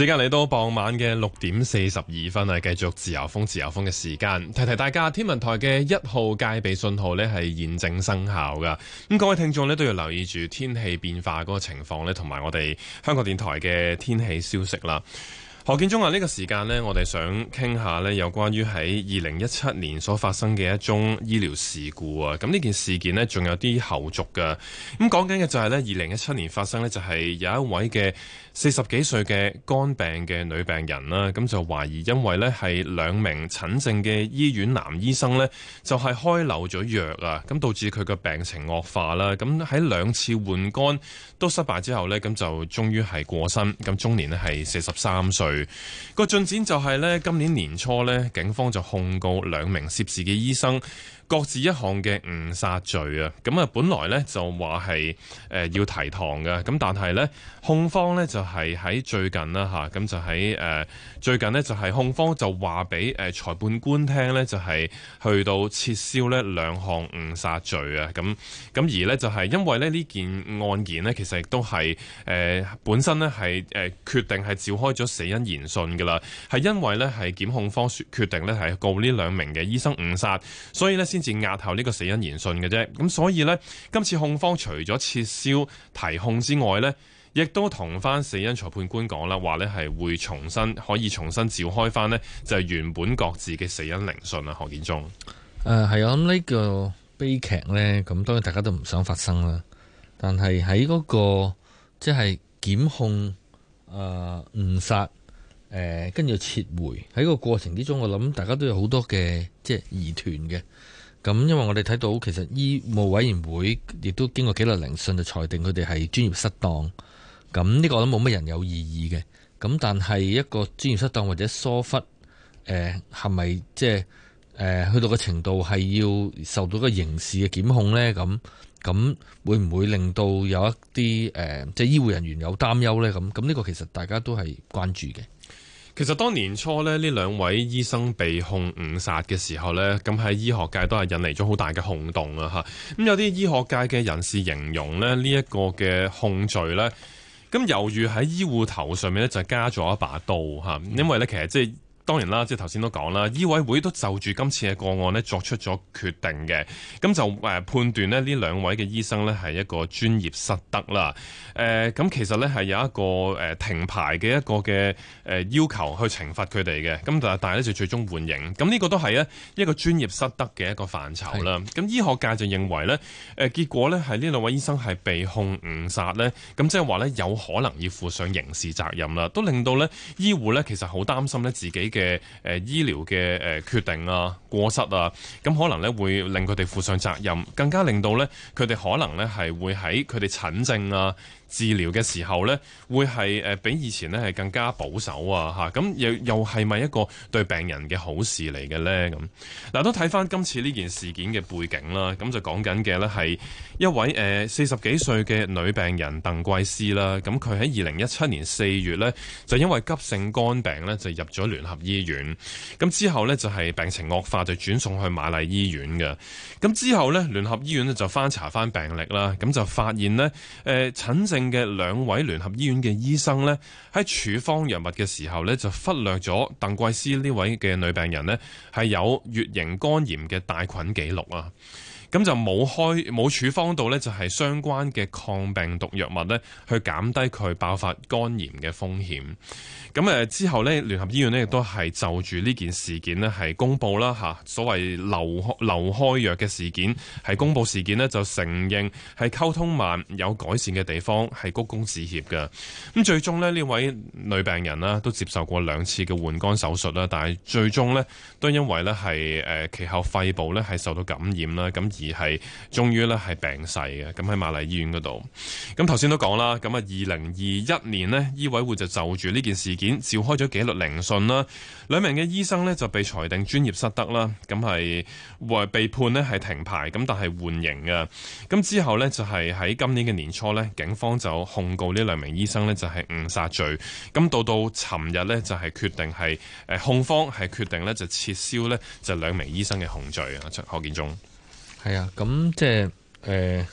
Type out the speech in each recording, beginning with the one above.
時間嚟到傍晚嘅六點四十二分啊，繼續自由風自由風嘅時間，提提大家天文台嘅一號戒備信號呢係現正生效噶。咁各位聽眾呢都要留意住天氣變化嗰個情況呢，同埋我哋香港電台嘅天氣消息啦。何建中啊！呢、呢個時間呢，我哋想傾下呢，有關於喺二零一七年所發生嘅一宗醫療事故啊！咁呢件事件呢，仲有啲後續噶。咁講緊嘅就係呢，二零一七年發生呢，就係、是、有一位嘅四十幾歲嘅肝病嘅女病人啦。咁就懷疑因為呢係兩名診症嘅醫院男醫生呢，就係、是、開漏咗藥啊！咁導致佢嘅病情惡化啦。咁喺兩次換肝都失敗之後呢，咁就終於係過身。咁終年呢係四十三歲。個進展就係呢，今年年初呢，警方就控告兩名涉事嘅醫生各自一項嘅誤殺罪啊。咁啊，本來呢就話係誒要提堂嘅，咁但係呢，控方呢就係喺最近啦吓，咁就喺誒最近呢，就係控方就話俾誒裁判官聽呢，就係去到撤銷呢兩項誤殺罪啊。咁咁而呢，就係因為咧呢件案件呢，其實亦都係誒本身呢，係誒決定係召開咗死因研訊嘅啦，係因為咧，係檢控方決定咧係告呢兩名嘅醫生誤殺，所以咧先至押後呢個死因研訊嘅啫。咁所以咧，今次控方除咗撤銷提控之外咧，亦都同翻死因裁判官講啦，話咧係會重新可以重新召開翻呢，就係原本各自嘅死因聆訊啊。何建忠誒係啊，呢個悲劇咧，咁當然大家都唔想發生啦。但係喺嗰個即係檢控誒誤殺。呃誒跟住又撤回喺個過程之中，我諗大家都有好多嘅即係疑團嘅。咁因為我哋睇到其實醫務委員會亦都經過紀律聆訊就裁定，佢哋係專業失當。咁、這、呢個都冇乜人有異議嘅。咁但係一個專業失當或者疏忽誒，係咪即係去到個程度係要受到個刑事嘅檢控呢？咁咁會唔會令到有一啲誒即係醫護人員有擔憂呢？咁咁呢個其實大家都係關注嘅。其實當年初咧，呢兩位醫生被控誤殺嘅時候呢，咁喺醫學界都係引嚟咗好大嘅轟動啊！吓，咁有啲醫學界嘅人士形容呢，呢一個嘅控罪呢，咁猶如喺醫護頭上面呢，就加咗一把刀吓、啊，因為呢，其實即係。當然啦，即係頭先都講啦，醫委會都就住今次嘅個案呢作出咗決定嘅，咁就判斷呢呢兩位嘅醫生呢係一個專業失德啦，誒、呃、咁其實呢係有一個停牌嘅一個嘅要求去懲罰佢哋嘅，咁但係但係呢就最終緩刑，咁呢個都係一個專業失德嘅一個範疇啦。咁醫學界就認為呢誒結果呢係呢兩位醫生係被控誤殺呢。咁即係話呢有可能要負上刑事責任啦，都令到呢醫護呢其實好擔心呢自己嘅。嘅誒醫療嘅誒決定啊，過失啊，咁可能咧會令佢哋負上責任，更加令到咧佢哋可能咧係會喺佢哋診症啊，治療嘅時候呢，會係比以前呢係更加保守啊！咁又又係咪一個對病人嘅好事嚟嘅呢？咁嗱，都睇翻今次呢件事件嘅背景啦。咁就講緊嘅呢係一位四十幾歲嘅女病人鄧桂思啦。咁佢喺二零一七年四月呢，就因為急性肝病呢，就入咗聯合醫院。咁之後呢，就係病情惡化，就轉送去瑪麗醫院嘅。咁之後呢，聯合醫院呢，就翻查翻病歷啦，咁就發現呢，誒、呃、診症。嘅兩位聯合醫院嘅醫生呢，喺處方藥物嘅時候呢，就忽略咗鄧桂思呢位嘅女病人呢，係有乙型肝炎嘅帶菌記錄啊。咁就冇開冇處方到呢，就係、是、相關嘅抗病毒藥物呢，去減低佢爆發肝炎嘅風險。咁誒之後呢，聯合醫院呢，亦都係就住呢件事件呢，係公布啦吓、啊，所謂漏漏開藥嘅事件係公布事件呢，就承認係溝通慢，有改善嘅地方係鞠躬致歉嘅。咁最終呢，呢位女病人啦，都接受過兩次嘅換肝手術啦，但係最終呢，都因為呢係誒、呃、其後肺部呢，係受到感染啦，咁。而係終於咧，係病逝嘅，咁喺瑪麗醫院嗰度。咁頭先都講啦，咁啊，二零二一年呢，醫委會就就住呢件事件召開咗紀律聆訊啦。兩名嘅醫生呢，就被裁定專業失德啦，咁係會被判呢係停牌，咁但係緩刑嘅。咁之後呢，就係喺今年嘅年初呢，警方就控告呢兩名醫生呢，就係誤殺罪。咁到到尋日呢，就係決定係誒控方係決定呢就撤銷呢就兩名醫生嘅控罪啊。何建中。係啊，咁即係誒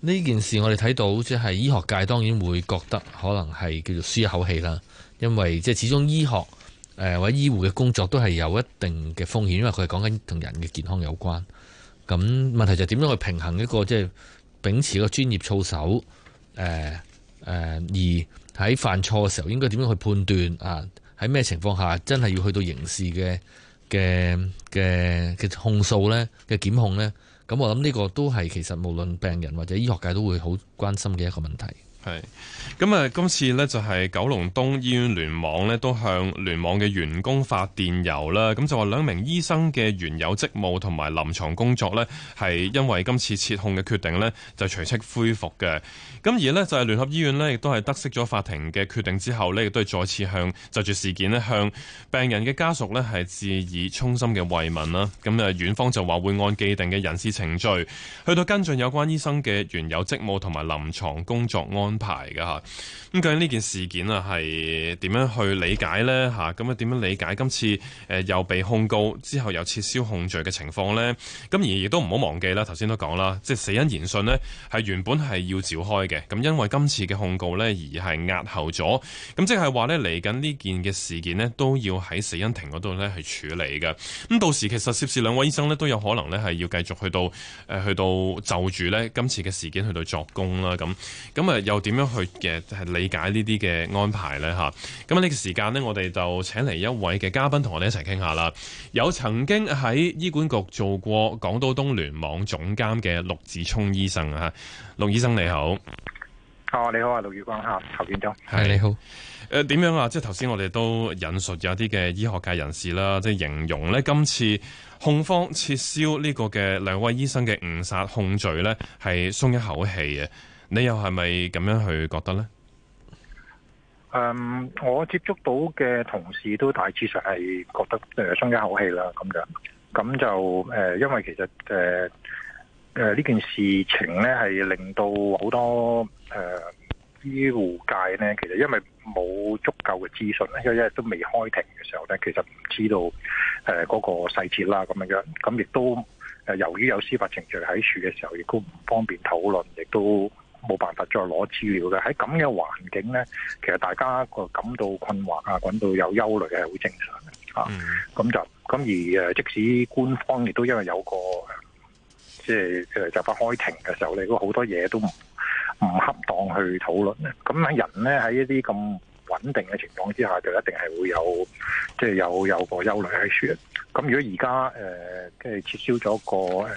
呢件事我們看，我哋睇到即係醫學界當然會覺得可能係叫做舒一口氣啦，因為即係始終醫學誒、呃、或者醫護嘅工作都係有一定嘅風險，因為佢係講緊同人嘅健康有關。咁問題就係點樣去平衡一個即係、就是、秉持一個專業操守？誒、呃、誒、呃，而喺犯錯嘅時候，應該點樣去判斷啊？喺、呃、咩情況下真係要去到刑事嘅？嘅嘅控訴咧，嘅檢控咧，咁我諗呢個都係其實無論病人或者醫學界都會好關心嘅一個問題。係，咁啊，今次咧就係九龍東醫院聯網咧，都向聯網嘅員工發電郵啦。咁就話兩名醫生嘅原有職務同埋臨床工作咧，係因為今次撤控嘅決定咧，就隨即恢復嘅。咁而咧就係聯合醫院咧，亦都係得悉咗法庭嘅決定之後咧，亦都係再次向就住事件咧，向病人嘅家屬咧，係致以衷心嘅慰問啦。咁啊，院方就話會按既定嘅人事程序去到跟進有關醫生嘅原有職務同埋臨床工作安。安排嘅哈，咁究竟呢件事件啊，係點樣去理解咧？吓，咁啊，點樣理解今次誒又被控告之後又撤銷控罪嘅情況咧？咁、嗯、而亦都唔好忘記啦，頭先都講啦，即係死因研訊咧係原本係要召開嘅，咁因為今次嘅控告咧而係押後咗，咁即係話咧嚟緊呢件嘅事件咧都要喺死因庭嗰度咧去處理嘅。咁、嗯、到時其實涉事兩位醫生咧都有可能咧係要繼續去到誒去到就住咧今次嘅事件去到作供啦。咁咁啊又。點樣去嘅係理解呢啲嘅安排咧？吓，咁呢個時間呢，我哋就請嚟一位嘅嘉賓同我哋一齊傾下啦。有曾經喺醫管局做過港島東聯網總監嘅陸志聰醫生啊，陸醫生，陸醫生你好。哦，你好啊，陸宇光啊，侯院長。係你好。誒，點樣啊？即係頭先我哋都引述有啲嘅醫學界人士啦，即係形容呢今次控方撤銷呢個嘅兩位醫生嘅誤殺控罪呢，係鬆一口氣嘅。你又係咪咁樣去覺得呢？嗯、um，我接觸到嘅同事都大致上係覺得誒鬆一口氣啦，咁樣咁就誒、呃，因為其實誒誒呢件事情呢，係令到好多誒、呃、醫護界呢，其實因為冇足夠嘅資訊呢，因為一日都未開庭嘅時候呢，其實唔知道誒嗰個細節啦，咁樣咁亦都誒，由於有司法程序喺處嘅時候，亦都唔方便討論，亦都。冇辦法再攞資料嘅喺咁嘅環境咧，其實大家個感到困惑啊，感到有憂慮係好正常嘅咁、嗯啊、就咁而即使官方亦都因為有個即係就快、是就是、開庭嘅時候，你嗰好多嘢都唔唔恰當去討論咧。咁喺人咧，喺一啲咁穩定嘅情況之下，就一定係會有即係、就是、有有個憂慮喺處。咁如果而家即係撤銷咗個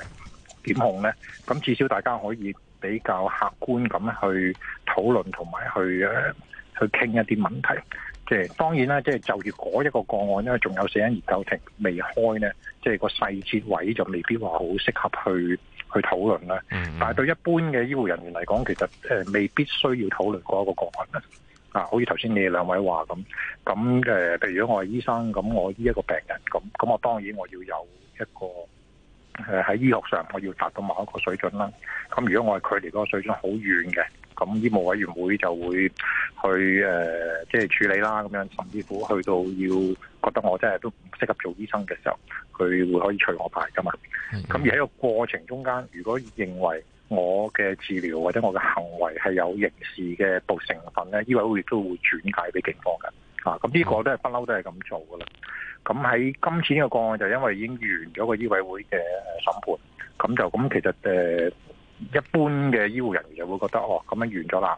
檢控咧，咁至少大家可以。比較客觀咁去討論同埋去誒去傾一啲問題，即係當然啦，即係就住嗰一個個案咧，仲有死因研究庭未開呢，即係個細節位就未必話好適合去去討論啦。Mm-hmm. 但係對一般嘅醫護人員嚟講，其實誒未必需要討論嗰一個個案啦。啊，好似頭先你哋兩位話咁，咁誒，譬如果我係醫生，咁我呢一個病人，咁咁我當然我要有一個。誒喺醫學上，我要達到某一個水準啦。咁如果我係距離嗰個水準好遠嘅，咁醫務委員會就會去誒，即、呃、係、就係、處理啦。咁樣甚至乎去到要覺得我真係都唔適合做醫生嘅時候，佢會可以除我牌噶嘛。咁而喺個過程中間，如果認為我嘅治療或者我嘅行為係有刑事嘅毒成分咧，醫委會亦都會轉介俾警方嘅。啊，咁呢個都係不嬲都係咁做噶啦。咁喺今次呢個個案就因為已經完咗個醫委會嘅審判，咁就咁其實誒、呃、一般嘅醫護人員就會覺得哦，咁樣完咗啦，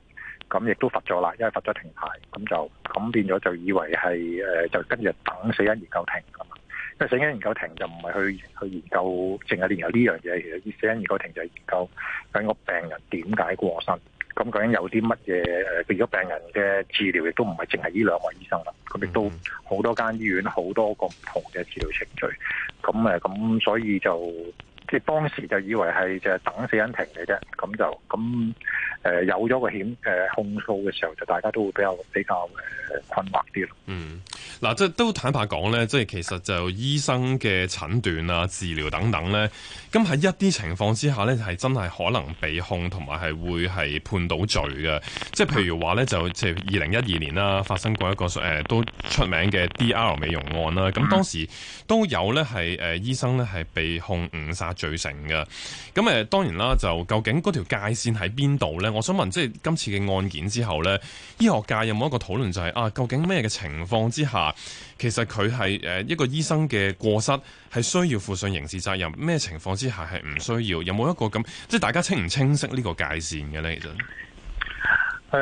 咁亦都罰咗啦，因為罰咗停牌，咁就咁變咗就以為係誒，就跟住等死因研究庭噶嘛，因為死因研究庭就唔係去去研究淨係研究呢樣嘢，其實死因研究庭就係研究緊個病人點解過身。咁究竟有啲乜嘢？誒，如果病人嘅治療亦都唔係淨係呢兩位醫生啦，咁亦都好多間醫院，好多個唔同嘅治療程序。咁誒，咁所以就。即係當時就以為係就係等死因庭嘅啫，咁就咁誒、呃、有咗個險誒、呃、控訴嘅時候，就大家都會比較比較誒困惑啲。嗯，嗱、啊，即係都坦白講咧，即係其實就醫生嘅診斷啊、治療等等咧，咁喺一啲情況之下咧，係真係可能被控同埋係會係判到罪嘅。即係譬如話咧、嗯，就即係二零一二年啦，發生過一個誒、呃、都出名嘅 DR 美容案啦。咁當時都有咧係誒醫生咧係被控誤殺。罪成嘅，咁誒當然啦，就究竟嗰條界線喺邊度呢？我想問，即係今次嘅案件之後呢，醫學界有冇一個討論，就係，就係啊，究竟咩嘅情況之下，其實佢係誒一個醫生嘅過失，係需要負上刑事責任？咩情況之下係唔需要？有冇一個咁，即係大家清唔清晰呢個界線嘅呢？其實？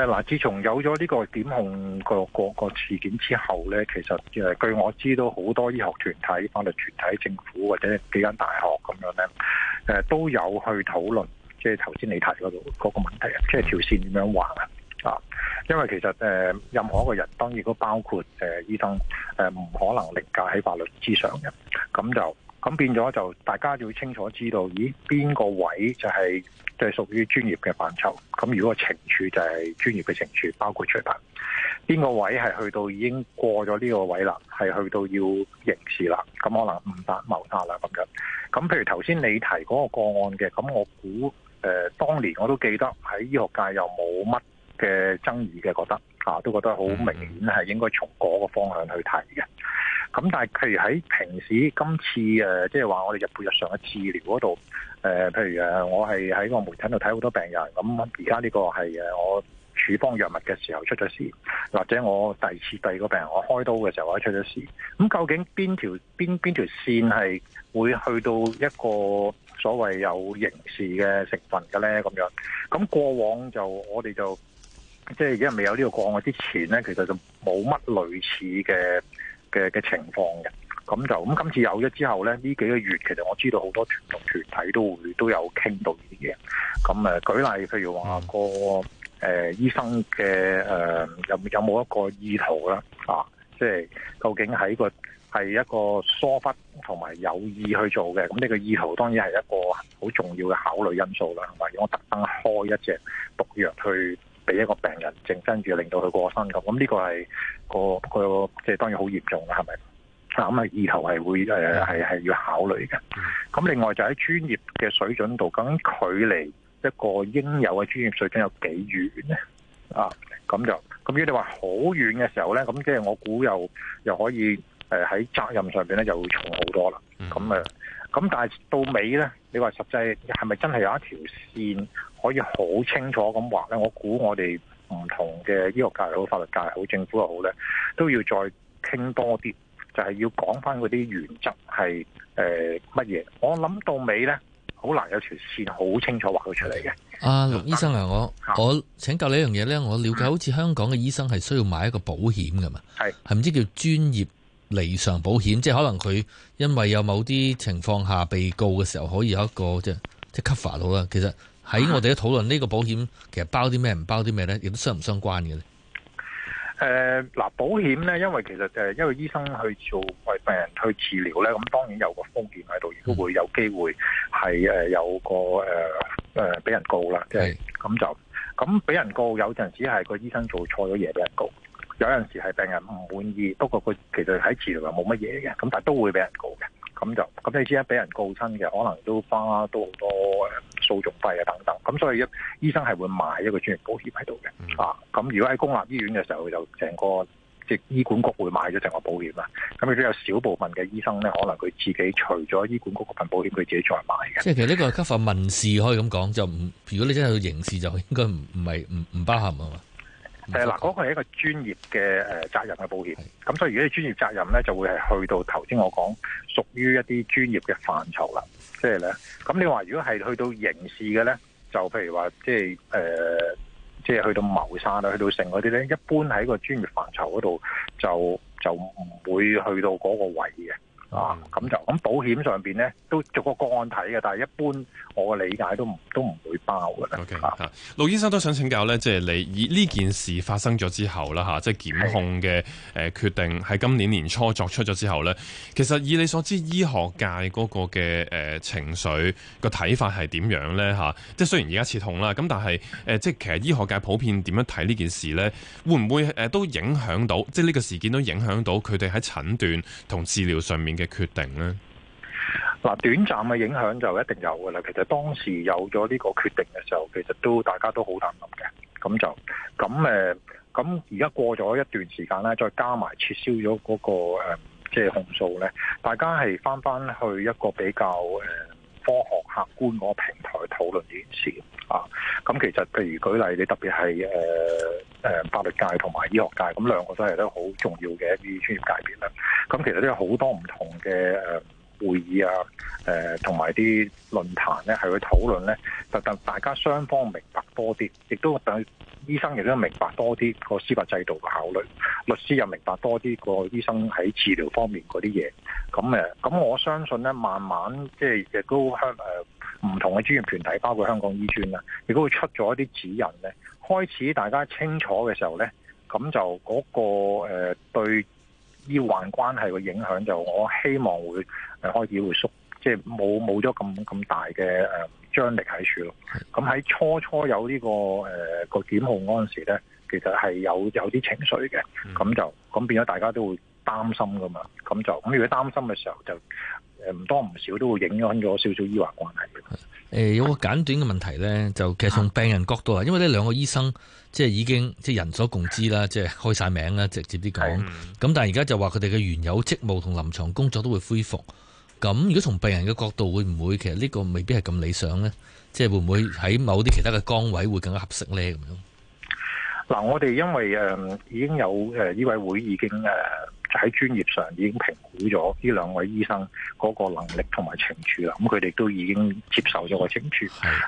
嗱，自從有咗呢個檢控個個事件之後呢，其實誒據我知道，好多醫學團體、法律團體、政府或者幾間大學咁樣呢，誒都有去討論，即係頭先你提嗰度嗰個問題，即係條線點樣劃啊？啊，因為其實誒任何一個人，當然都包括誒醫生，誒唔可能凌駕喺法律之上嘅，咁就咁變咗就大家要清楚知道，咦邊個位就係？就係、是、屬於專業嘅範疇，咁如果個懲處就係專業嘅懲處，包括除牌。邊個位係去到已經過咗呢個位啦？係去到要刑事啦，咁可能誤殺、謀殺啦咁樣。咁譬如頭先你提嗰個個案嘅，咁我估誒、呃、當年我都記得喺醫學界又冇乜嘅爭議嘅，覺得、啊、都覺得好明顯係應該從嗰個方向去睇嘅。咁但係，譬如喺平時今次即係話我哋日僕日常嘅治療嗰度，誒譬如我係喺個門診度睇好多病人。咁而家呢個係我處方藥物嘅時候出咗事，或者我第二次第二個病人我開刀嘅時候或者出咗事。咁究竟邊條邊邊條線係會去到一個所謂有刑事嘅成分嘅咧？咁樣咁過往就我哋就即係而家未有呢個個案之前咧，其實就冇乜類似嘅。嘅嘅情況嘅，咁就咁今次有咗之後咧，呢幾個月其實我知道好多傳統團體都會都有傾到呢啲嘢，咁誒舉例，譬如話個誒、呃、醫生嘅誒、呃、有有冇一個意圖啦啊，即係究竟喺個係一個疏忽同埋有，有意去做嘅，咁呢個意圖當然係一個好重要嘅考慮因素啦，係咪？我特登開一隻毒藥去。俾一個病人正身住，令到佢過身咁，咁呢個係個個即係當然好嚴重啦，係咪？咁係以後係會誒，係係要考慮嘅。咁另外就喺專業嘅水準度，究竟距離一個應有嘅專業水準有幾遠呢？啊，咁就咁如果你話好遠嘅時候咧，咁即係我估又又可以誒喺責任上邊咧，就會重好多啦。咁、嗯、誒。咁但係到尾呢，你話實際係咪真係有一條線可以好清楚咁畫呢？我估我哋唔同嘅醫學界好、法律界好、政府又好呢，都要再傾多啲，就係、是、要講翻嗰啲原則係誒乜嘢。我諗到尾呢，好難有條線好清楚畫到出嚟嘅。阿、啊、陸醫生啊，我我請教你一樣嘢呢：我瞭解好似香港嘅醫生係需要買一個保險㗎嘛？係係唔知叫專業。離償保險，即係可能佢因為有某啲情況下被告嘅時候，可以有一個即係即係 cover 到啦。其實喺我哋嘅討論呢個保險，其實包啲咩唔包啲咩咧，亦都相唔相關嘅咧。誒，嗱，保險咧，因為其實誒，因為醫生去做為病人去治療咧，咁當然有個風險喺度，亦、嗯、都會有機會係誒有個誒誒俾人告啦。係，咁就咁俾人告，有陣時係個醫生做錯咗嘢俾人告。有陣時係病人唔滿意，不過佢其實喺治療又冇乜嘢嘅，咁但係都會俾人告嘅，咁就咁你知啦，俾人告親嘅可能都花都好多、嗯、訴訟費啊等等，咁所以一醫生係會買一個專業保險喺度嘅啊。咁如果喺公立醫院嘅時候，就成個即係醫管局會買咗成個保險啦。咁亦都有少部分嘅醫生咧，可能佢自己除咗醫管局嗰份保險，佢自己再買嘅。即係其實呢個係級份民事可以咁講，就唔如果你真係刑事就應該唔唔係唔唔包含啊嘛。誒、嗯，嗱，嗰個係一個專業嘅誒、呃、責任嘅保險，咁所以如果你專業責任咧，就會係去到頭先我講，屬於一啲專業嘅範疇啦。即係咧，咁你話如果係去到刑事嘅咧，就譬如話即係誒，即係、呃、去到謀殺啊，去到成嗰啲咧，一般喺個專業範疇嗰度就就唔會去到嗰個位嘅。啊，咁就咁保險上邊咧，都逐個個案睇嘅，但係一般我嘅理解都唔都唔會包嘅咧。嚇、okay，啊，陸醫生都想請教呢，即係你以呢件事發生咗之後啦，嚇，即係檢控嘅誒決定喺今年年初作出咗之後呢。其實以你所知醫學界嗰個嘅誒、呃、情緒個睇法係點樣呢？嚇，即係雖然而家刺痛啦，咁但係誒，即係其實醫學界普遍點樣睇呢件事呢？會唔會誒都影響到，即係呢個事件都影響到佢哋喺診斷同治療上面嘅？嘅決定呢，嗱短暫嘅影響就一定有噶啦。其實當時有咗呢個決定嘅時候，其實都大家都好忐忑嘅。咁就咁誒，咁而家過咗一段時間咧，再加埋撤銷咗嗰個誒、呃，即係控訴咧，大家係翻翻去一個比較誒、呃、科學。客觀嗰個平台討論呢件事啊，咁其實譬如舉例，你特別係誒誒法律界同埋醫學界，咁兩個都係都好重要嘅一啲專業界別啦。咁其實都有好多唔同嘅誒、呃會議啊，誒、呃，同埋啲論壇咧，係去討論咧，就等大家雙方明白多啲，亦都等醫生亦都明白多啲個司法制度嘅考慮，律師又明白多啲個醫生喺治療方面嗰啲嘢。咁誒，咁我相信咧，慢慢即係亦都香誒，唔同嘅專業團體，包括香港醫專啊，亦都會出咗一啲指引咧。開始大家清楚嘅時候咧，咁就嗰個誒對醫患關係嘅影響就，我希望會。誒開始回縮，即係冇冇咗咁咁大嘅誒張力喺處咯。咁喺初初有、這個呃、的呢個誒個檢控嗰陣時咧，其實係有有啲情緒嘅，咁就咁變咗大家都會擔心噶嘛。咁就咁如果擔心嘅時候，就誒唔多唔少都會影響咗少少醫患關係嘅。誒有個簡短嘅問題咧，就其實從病人角度啊，因為呢兩個醫生即係已經即係人所共知啦，即係開晒名啦，直接啲講。咁但係而家就話佢哋嘅原有職務同臨床工作都會恢復。咁如果從病人嘅角度，會唔會，會唔會其實呢個未必係咁理想呢？即係會唔會喺某啲其他嘅崗位會更加合適呢？咁樣嗱，我哋因為誒已經有誒醫委會已經誒。喺專業上已經評估咗呢兩位醫生嗰個能力同埋懲處啦，咁佢哋都已經接受咗個懲處。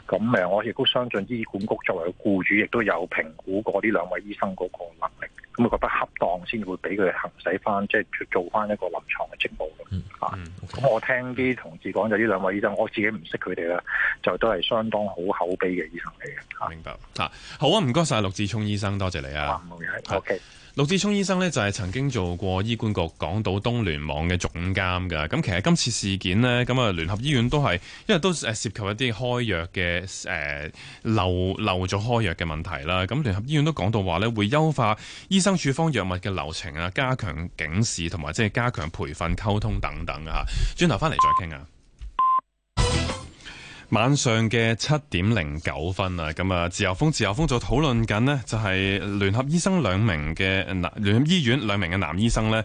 咁誒，我亦都相信醫管局作為僱主，亦都有評估過呢兩位醫生嗰個能力，咁我覺得恰當先會俾佢哋行使翻，即係做做翻一個臨床嘅職務咯。咁、嗯嗯 okay、我聽啲同事講就呢兩位醫生，我自己唔識佢哋啦，就都係相當好口碑嘅醫生嚟嘅。明白嚇、啊，好啊，唔該晒。陸志聰醫生，多謝你啊。冇、啊、嘢，OK。啊陸志聰醫生咧，就係曾經做過醫管局港島東聯網嘅總監噶，咁其實今次事件呢，咁啊聯合醫院都係，因為都誒涉及一啲開藥嘅誒漏漏咗開藥嘅問題啦，咁聯合醫院都講到話咧會優化醫生處方藥物嘅流程啊，加強警示同埋即係加強培訓溝通等等啊，轉頭翻嚟，再傾啊。晚上嘅七點零九分啊，咁啊自由風自由風就討論緊呢，就係聯合醫生兩名嘅男，聯合醫院兩名嘅男醫生呢。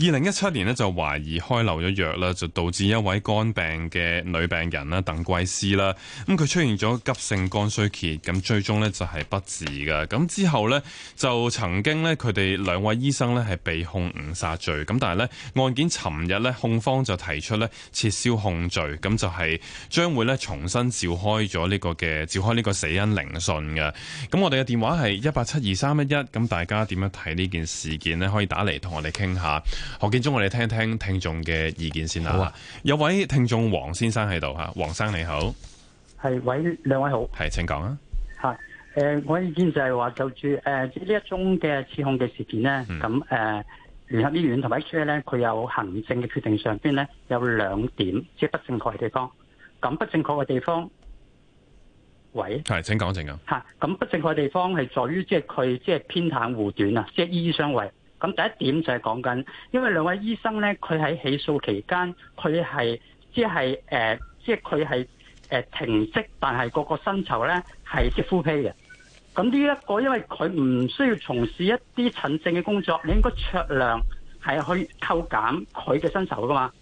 二零一七年呢，就懷疑開漏咗藥啦，就導致一位肝病嘅女病人啦，鄧桂思啦，咁佢出現咗急性肝衰竭，咁最終呢就係不治嘅。咁之後呢，就曾經呢，佢哋兩位醫生呢係被控誤殺罪，咁但係呢，案件尋日呢控方就提出呢，撤銷控罪，咁就係、是、將會呢重新召開咗呢、這個嘅召開呢個死因聆訊嘅。咁我哋嘅電話係一八七二三一一，咁大家點樣睇呢件事件呢？可以打嚟同我哋傾下。何建忠，我哋聽一聽聽眾嘅意見先啦、啊。有位聽眾黃先生喺度吓，黃生你好，係位兩位好，係請講啊。吓，誒、呃，我的意見就係話，就住誒呢一宗嘅指控嘅事件咧，咁、嗯、誒，聯、呃、合醫院同埋 HA 咧，佢有行政嘅決定上邊咧，有兩點即係不正確嘅地方。咁不正確嘅地方，喂，係請講正啊。吓，咁不正確嘅地方係在於即係佢即係偏袒護短啊，即係醫醫相衛。咁第一點就係講緊，因為兩位醫生咧，佢喺起訴期間，佢係即係誒，即係佢係誒停職，但係個個薪酬咧係即 full pay 嘅。咁呢一個因為佢唔需要從事一啲診症嘅工作，你應該酌量係去扣減佢嘅薪酬噶嘛。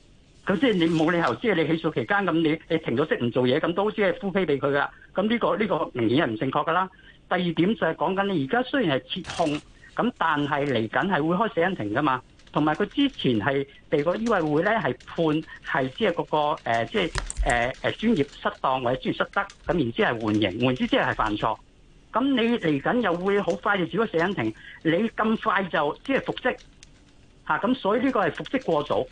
咁即係你冇理由，即係你起訴期間咁，你你停咗職唔做嘢，咁都先係 full pay 俾佢噶。咁呢個呢個明顯係唔正確噶啦。第二點就係講緊，你而家雖然係撤控。咁但係嚟緊係會開死因庭㗎嘛，同埋佢之前係被是是是個醫委會呢係判係即係嗰個即係專業失當或者專業失德，咁然後換換之係緩刑，緩之即係犯錯。咁你嚟緊又會好快就召開死因庭，你咁快就即係復職，嚇，咁所以呢個係復職過早。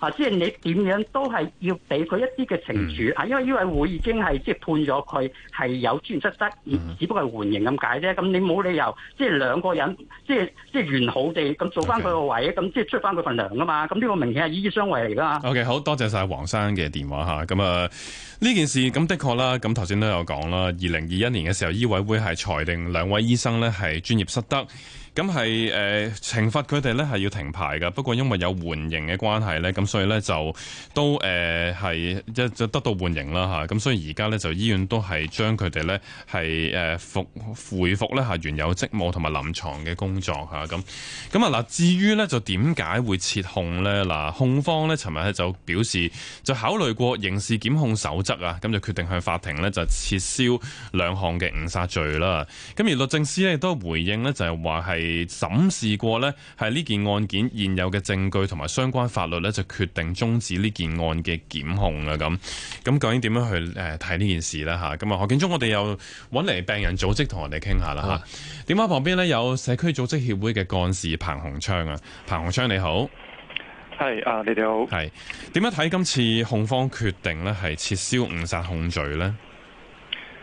啊！即係你點樣都係要俾佢一啲嘅懲處、嗯、因為醫委會已經係即係判咗佢係有專業失德，嗯、而只不過係緩刑咁解啫。咁你冇理由即係兩個人即係即係完好地咁做翻佢個位，咁、okay. 即係出翻佢份糧㗎嘛？咁呢個明顯係醫醫相衛嚟噶嘛？OK，好多謝晒黃生嘅電話嚇。咁啊，呢、呃、件事咁的確啦。咁頭先都有講啦。二零二一年嘅時候，醫委會係裁定兩位醫生咧係專業失德。咁係誒懲罰佢哋咧，係、呃、要停牌嘅。不過因為有緩刑嘅關係咧，咁所以咧就都誒係、呃、一就得到緩刑啦吓，咁、啊、所以而家咧就醫院都係將佢哋咧係誒復恢復咧嚇原有職務同埋臨床嘅工作吓，咁、啊。咁啊嗱，至於咧就點解會撤控咧？嗱、啊，控方咧尋日咧就表示就考慮過刑事檢控守則啊，咁就決定向法庭咧就撤銷兩項嘅誤殺罪啦。咁、啊、而律政司咧亦都回應咧就係話係。係審視過咧，係呢件案件現有嘅證據同埋相關法律呢，就決定終止呢件案嘅檢控啊！咁咁究竟點樣去誒睇呢件事呢？吓咁啊！何建忠，我哋又搵嚟病人組織同我哋傾下啦吓。電話旁邊呢，有社區組織協會嘅幹事彭鴻昌啊，彭鴻昌你好，係啊，你哋好係。點樣睇今次控方決定呢係撤銷誤殺控罪呢？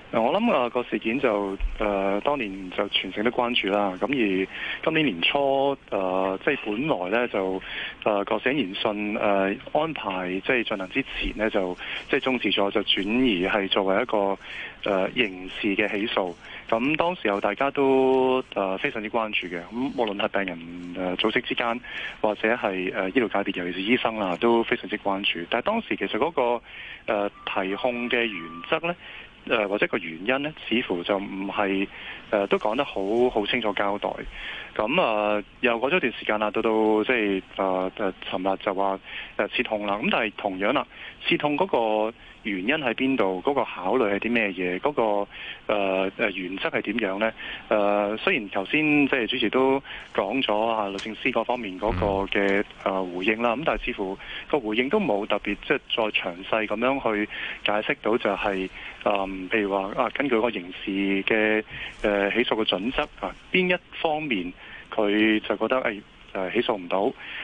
嗱，我諗啊，個事件就、呃、當年就全城都關注啦。咁而今年年初、呃、即係本來咧就誒個、呃、死因研訊、呃、安排即係進行之前呢，就即係中止咗，就轉移係作為一個誒、呃、刑事嘅起訴。咁當時候大家都、呃、非常之關注嘅。咁無論係病人組織之間，或者係誒醫療界別，尤其是醫生啊，都非常之關注。但係當時其實嗰、那個、呃、提控嘅原則咧？誒或者個原因咧，似乎就唔係誒都講得好好清楚交代。咁啊，又過咗一段時間啦，到到即係誒誒尋日就話誒刺痛啦。咁但係同樣啦，刺痛嗰個，原因喺邊度？嗰、那個考慮係啲咩嘢？嗰、那個誒、呃、原則係點樣咧？誒、呃、雖然頭先即係主持都講咗啊律政司嗰方面嗰個嘅誒回應啦，咁但係似乎個回應都冇特別即係、就是、再詳細咁樣去解釋到就係、是、誒、呃、譬如話啊根據嗰個刑事嘅誒、呃、起訴嘅準則啊，邊一方面佢就覺得誒？哎起訴唔到，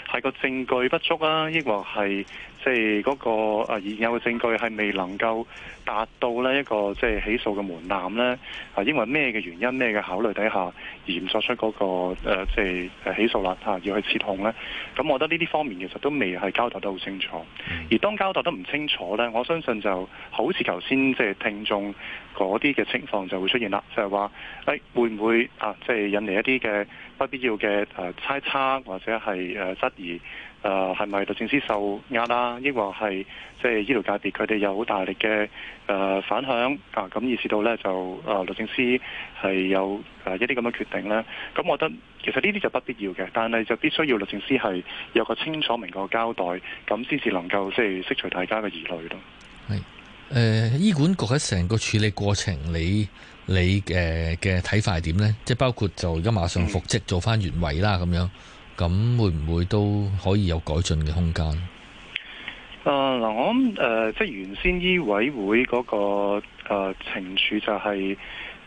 係個證據不足啦，抑或係即係嗰個誒、呃、現有嘅證據係未能夠達到呢一個即係起訴嘅門檻呢？啊，因為咩嘅原因、咩嘅考慮底下而唔作出嗰、那個即係、呃就是、起訴啦？嚇、啊，要去撤控呢？咁我覺得呢啲方面其實都未係交代得好清楚，而當交代得唔清楚呢，我相信就好似頭先即係聽眾。嗰啲嘅情況就會出現啦，就係話誒會唔會啊，即係引嚟一啲嘅不必要嘅誒猜測或者係誒質疑誒係咪律政司受壓啦？抑或係即係醫療界別佢哋有好大力嘅誒反響啊，咁意思到咧就誒律政司係有誒一啲咁嘅決定咧，咁我覺得其實呢啲就不必要嘅，但係就必須要律政司係有個清楚明確嘅交代，咁先至能夠即係釋除大家嘅疑慮咯。誒、呃、醫管局喺成個處理過程，你你誒嘅睇法係點呢？即係包括就而家馬上復職做翻原位啦，咁樣咁會唔會都可以有改進嘅空間？啊、呃、嗱、呃，我諗誒、呃，即係原先醫委會嗰、那個誒懲、呃、處就係、是。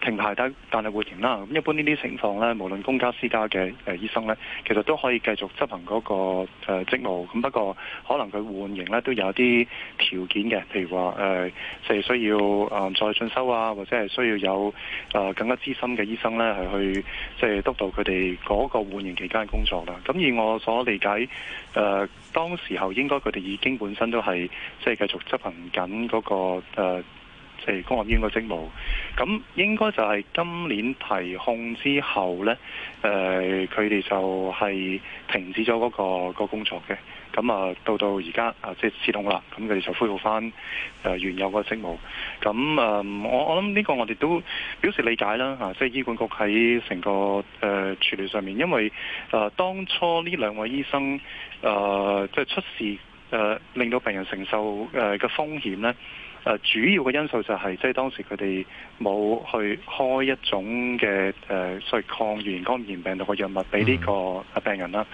停牌得，但係緩刑啦。咁一般呢啲情況咧，無論公家私家嘅誒醫生咧，其實都可以繼續執行嗰個誒職務。咁不過可能佢緩刑咧，都有啲條件嘅。譬如話誒，即係需要誒再進修啊，或者係需要有誒更加資深嘅醫生咧，係去即係督導佢哋嗰個緩刑期間嘅工作啦。咁以我所理解誒，當時候應該佢哋已經本身都係即係繼續執行緊嗰個誒，即係公立醫院嘅職務。咁應該就係今年提控之後呢，誒佢哋就係停止咗嗰個嗰個工作嘅。咁啊，到到而家啊，即係撤控啦，咁佢哋就恢復翻原有個職務。咁啊，我我諗呢個我哋都表示理解啦嚇，即係醫管局喺成個誒、呃、處理上面，因為誒、呃、當初呢兩位醫生誒、呃、即係出事誒、呃，令到病人承受誒嘅、呃、風險呢。誒、啊、主要嘅因素就係、是，即、就、係、是、當時佢哋冇去開一種嘅誒、呃，所抗原肝炎病毒嘅藥物俾呢個啊病人啦。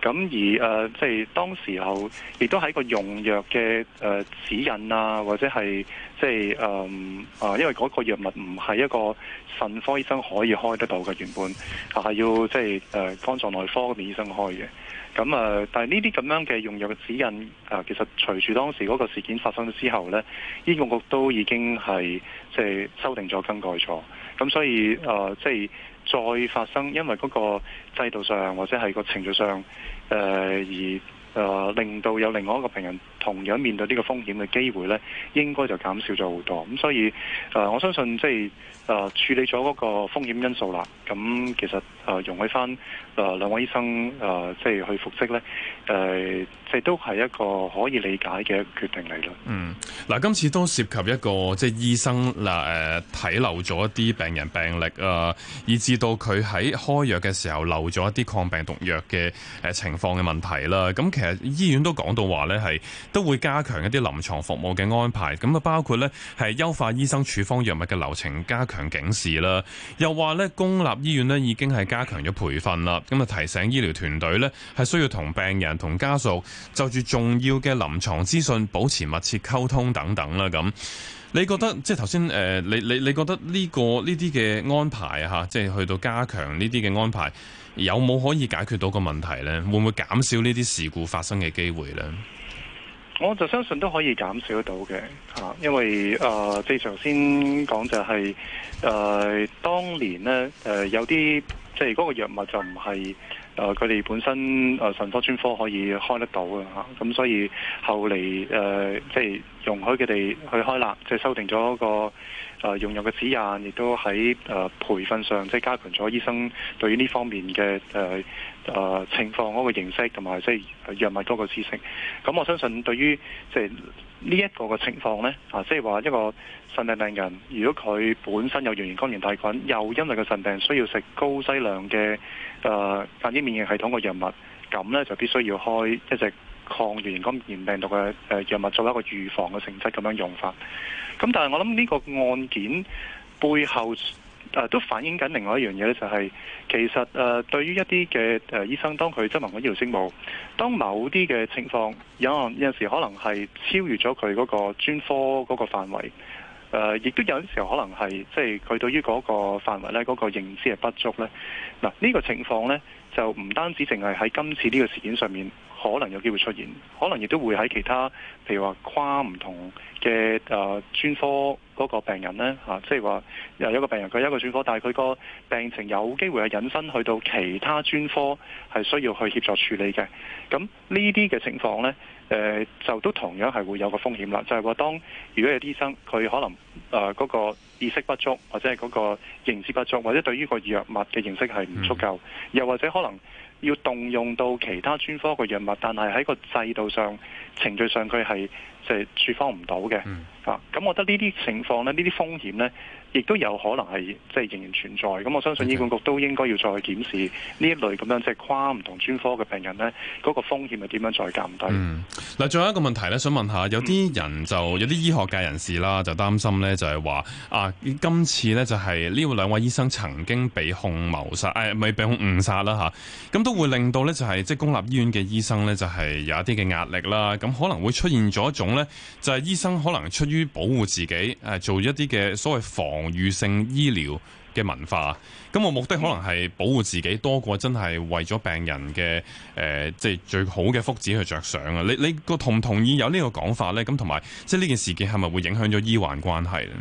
咁而誒，即、呃、係、就是、當時候亦都是一個用藥嘅誒、呃、指引啊，或者係即係誒誒，因為嗰個藥物唔係一個腎科醫生可以開得到嘅原本，係要即係誒肝臟內科嘅醫生開嘅。咁、嗯、誒，但係呢啲咁樣嘅用藥指引啊，其實隨住當時嗰個事件發生咗之後呢，醫管局都已經係即係修訂咗、更改咗。咁、嗯、所以誒，即、呃、係、就是、再發生，因為嗰個制度上或者係個程序上誒、呃，而誒、呃、令到有另外一個病人。同樣面對呢個風險嘅機會呢，應該就減少咗好多。咁所以，誒、呃，我相信即係誒、呃、處理咗嗰個風險因素啦。咁其實誒、呃、容許翻誒、呃、兩位醫生誒、呃、即係去復職呢，誒、呃、即係都係一個可以理解嘅決定嚟咯。嗯，嗱、呃，今次都涉及一個即係醫生嗱誒睇漏咗一啲病人病歷啊、呃，以至到佢喺開藥嘅時候漏咗一啲抗病毒藥嘅誒、呃、情況嘅問題啦。咁、嗯、其實醫院都講到話呢係，是都會加強一啲臨床服務嘅安排，咁啊，包括呢係優化醫生處方藥物嘅流程，加強警示啦。又話呢，公立醫院呢已經係加強咗培訓啦，咁啊，提醒醫療團隊呢，係需要同病人同家屬就住重要嘅臨床資訊保持密切溝通，等等啦。咁你覺得即係頭先誒，你你你覺得呢個呢啲嘅安排吓，即係去到加強呢啲嘅安排，有冇可以解決到個問題呢？會唔會減少呢啲事故發生嘅機會呢？我就相信都可以減少得到嘅吓，因為誒，即係頭先講就係、是、誒、就是呃，當年呢，誒、呃，有啲即係嗰個藥物就唔係誒佢哋本身誒腎科專科可以開得到嘅吓，咁、啊、所以後嚟誒，即、呃、係、就是、容許佢哋去開啦，即係修訂咗一個、呃、用藥嘅指引，亦都喺誒培訓上即係、就是、加強咗醫生對於呢方面嘅誒、呃誒、呃、情況嗰個形式同埋即係藥物嗰個知識，咁我相信對於即係呢一個嘅情況呢，啊，即係話一個腎病病人，如果佢本身有乙型肝炎帶菌，又因為個腎病需要食高劑量嘅誒抑制免疫系統嘅藥物，咁呢就必須要開一隻抗乙型肝炎病毒嘅誒藥物，作為一個預防嘅性質咁樣用法。咁但係我諗呢個案件背後。誒、呃、都反映緊另外一樣嘢咧，就係其實誒、呃、對於一啲嘅誒醫生，當佢執行咗醫療職務，當某啲嘅情況有有陣時可能係超越咗佢嗰個專科嗰個範圍，誒、呃、亦都有啲時候可能係即係佢對於嗰個範圍咧嗰個認知係不足咧。嗱、呃呢個情況咧，就唔單止淨係喺今次呢個事件上面。可能有機會出現，可能亦都會喺其他，譬如話跨唔同嘅誒、呃、專科嗰個病人呢。嚇、啊，即係話有一個病人佢有一個專科，但係佢個病情有機會係引申去到其他專科，係需要去協助處理嘅。咁呢啲嘅情況呢、呃，就都同樣係會有個風險啦。就係話，當如果有醫生佢可能誒嗰、呃那個意識不足，或者係嗰個認知不足，或者對於個藥物嘅認識係唔足夠、嗯，又或者可能。要動用到其他專科嘅藥物，但係喺個制度上、程序上，佢係。即係處方唔到嘅，啊，咁我覺得呢啲情況呢，呢啲風險呢，亦都有可能係即係仍然存在。咁我相信醫管局都應該要再去檢視呢一類咁樣即係跨唔同專科嘅病人呢，嗰個風險係點樣再減低。嗱，仲有一個問題呢，想問下有啲人就有啲醫學界人士啦，就擔心呢，就係話啊，今次呢，就係呢兩位醫生曾經被控謀殺，誒，咪被控誤殺啦，咁都會令到呢，就係即係公立醫院嘅醫生呢，就係有一啲嘅壓力啦，咁可能會出現咗一種呢就係、是、醫生可能出於保護自己，誒做一啲嘅所謂防禦性醫療嘅文化，咁我嘅目的可能係保護自己多過真係為咗病人嘅，誒即係最好嘅福祉去着想啊！你你個同唔同意有呢個講法呢？咁同埋即係呢件事件係咪會影響咗醫患關係呢？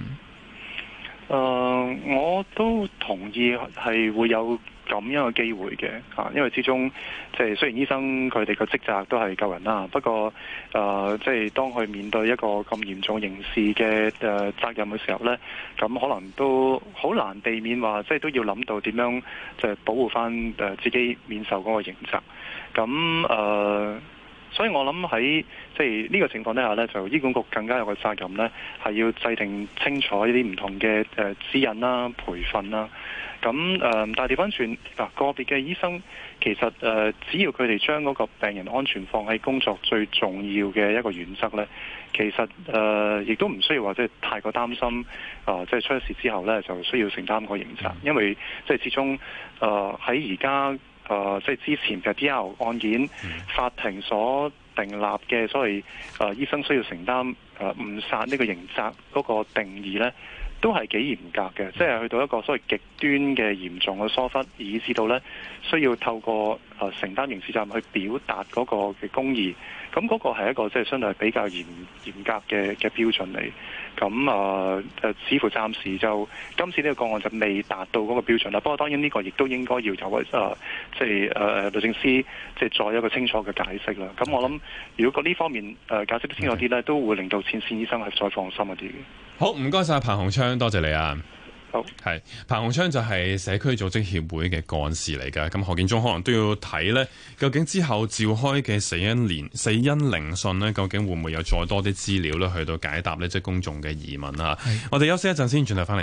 誒、呃，我都同意係會有。咁樣嘅機會嘅。啊，因為始終即係雖然醫生佢哋嘅職責都係救人啦，不過誒、呃，即係當佢面對一個咁嚴重刑事嘅誒責任嘅時候呢，咁可能都好難避免話，即係都要諗到點樣即係保護翻自己免受嗰個刑責，咁誒。呃所以我諗喺即係呢個情況之下呢，就醫管局更加有個責任呢，係要制定清楚呢啲唔同嘅誒、呃、指引啦、啊、培訓啦、啊。咁誒，但係調翻轉嗱，個、啊、別嘅醫生其實誒、呃，只要佢哋將嗰個病人安全放喺工作最重要嘅一個原則呢，其實誒、呃、亦都唔需要話即係太過擔心啊、呃，即係出咗事之後呢就需要承擔個刑責，因為即係始終誒喺而家。呃在現在誒、呃，即、就、係、是、之前嘅 d l 案件法庭所訂立嘅，所謂誒醫生需要承擔誒、呃、誤殺呢個刑責嗰個定義呢，都係幾嚴格嘅，即係去到一個所謂極端嘅嚴重嘅疏忽，以至到呢，需要透過誒、呃、承擔刑事責任去表達嗰個嘅公義。咁、那、嗰個係一個即係相對比較嚴嚴格嘅嘅標準嚟。咁啊、呃，似乎暫時就今次呢個個案就未達到嗰個標準啦。不過當然呢個亦都應該要有啊、呃，即係誒誒律政司即係再一個清楚嘅解釋啦。咁我諗如果呢方面誒、呃、解釋得清楚啲咧，okay. 都會令到前線醫生係再放心一啲嘅。好，唔該晒，彭鴻昌，多謝你啊！好，係彭鴻昌就係社區組織協會嘅幹事嚟噶，咁何建忠可能都要睇咧，究竟之後召開嘅死因聯死因聆訊咧，究竟會唔會有再多啲資料咧，去到解答咧即係公眾嘅疑問啊？我哋休息一陣先，轉頭翻嚟。